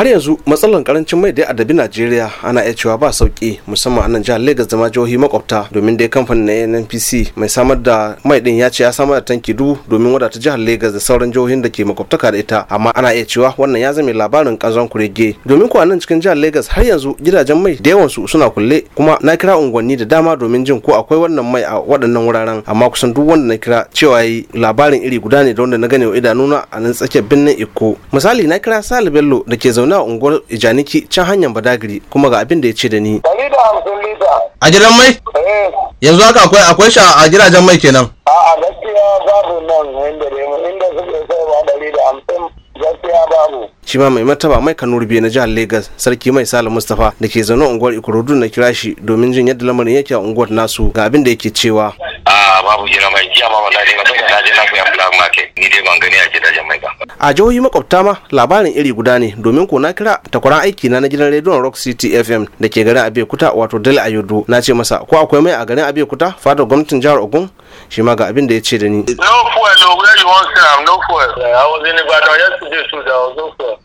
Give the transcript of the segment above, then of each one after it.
har yanzu matsalar karancin mai da adabi najeriya ana iya cewa ba sauki musamman anan jihar lagos da ma jihohi makwabta domin dai kamfanin na nnpc mai samar da mai din ya ce ya samar da tanki dubu domin wadata jihar lagos da sauran jihohin da ke makwabtaka da ita amma ana iya cewa wannan ya zame labarin kazon kurege domin kuwa nan cikin jihar lagos har yanzu gidajen mai da yawansu suna kulle kuma na kira unguwanni da dama domin jin ko akwai wannan mai a waɗannan wuraren amma kusan duk wanda na kira cewa yi labarin iri guda ne da wanda na gane wa idanuna a nan tsakiyar birnin iko misali na kira sali bello da ke zaune zaune a unguwar Ijaniki can hanyar Badagiri kuma ga abin da ya ce da ni. Dari da hamsin lita. A jiran mai? Eh. Yanzu haka akwai akwai shi a jiragen mai kenan. A'a gaskiya babu nan inda inda suke saiwa ɗari da hamsin gaskiya babu. shi ma mai martaba mai kanuri biyu na jihar lagos sarki mai Salim mustapha da ke zaune unguwar ikorodu na kira shi domin jin yadda lamarin yake a unguwar nasu ga abin da yake cewa a babu jiran mai jiya ma wallahi na bai da na je na koyan black market ni dai ban gani a gidajen mai ba a jihohi makwabta ma labarin iri guda ne domin ko na kira takwaran aiki na na gidan rediyon rock city fm da ke garin abeokuta wato dale ayodo na ce masa ko akwai mai a garin abeokuta fadar gwamnatin jihar ogun shi ma ga abin da ya ce da ni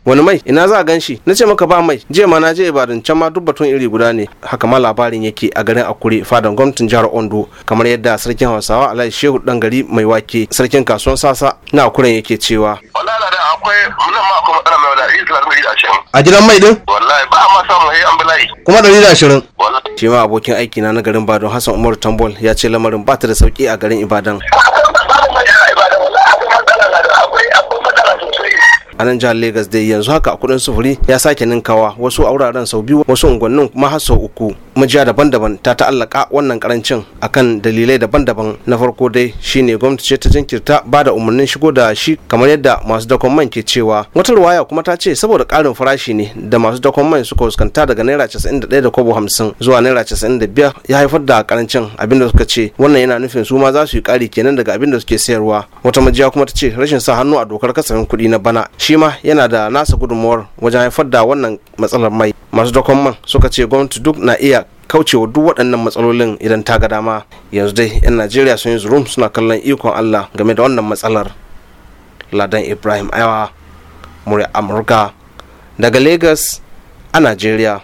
wani mai ina za a gan shi na ce maka ba mai jiya ma na je ibadan can ma duk batun iri guda ne haka ma labarin yake a garin akure fadan gwamnatin jihar ondo kamar yadda sarkin hausawa alhaji shehu dangari mai wake sarkin kasuwan sasa na akuren yake cewa akwai nan mai ɗari ɗari da ashirin. A gidan mai din? Wallahi ba a ma samu sai an bilayi. Kuma ɗari da ashirin. Shi ma abokin aiki na na garin Badon Hassan Umaru Tambol ya ce lamarin ba ta da sauki a garin Ibadan. a nan jihar Legas dai yanzu haka a kudin sufuri ya sake ninkawa wasu a wuraren sau biyu wasu unguwannin kuma har uku. majiya daban-daban ta ta'allaka wannan karancin akan dalilai daban-daban na farko dai shine gwamnati ce ta jinkirta ba da umarnin shigo da shi kamar yadda masu dakon man ke cewa wata ruwaya kuma ta ce saboda karin farashi ne da masu dakon man suka fuskanta daga naira 91 da kobo 50 zuwa naira 95 ya haifar da karancin abinda suka ce wannan yana nufin su ma za su yi kari kenan daga abinda suke sayarwa wata majiya kuma ta ce rashin sa hannu a dokar kasafin kuɗi na bana shi ma yana da nasa gudunmawar wajen haifar da wannan matsalar mai masu dakon man suka ce gwamnati duk na iya kaucewa duk waɗannan matsalolin idan ta ga dama yanzu dai 'yan najeriya sun yi zurum suna kallon ikon allah game da wannan matsalar ladan ibrahim aiwa murya amurka daga lagos a najeriya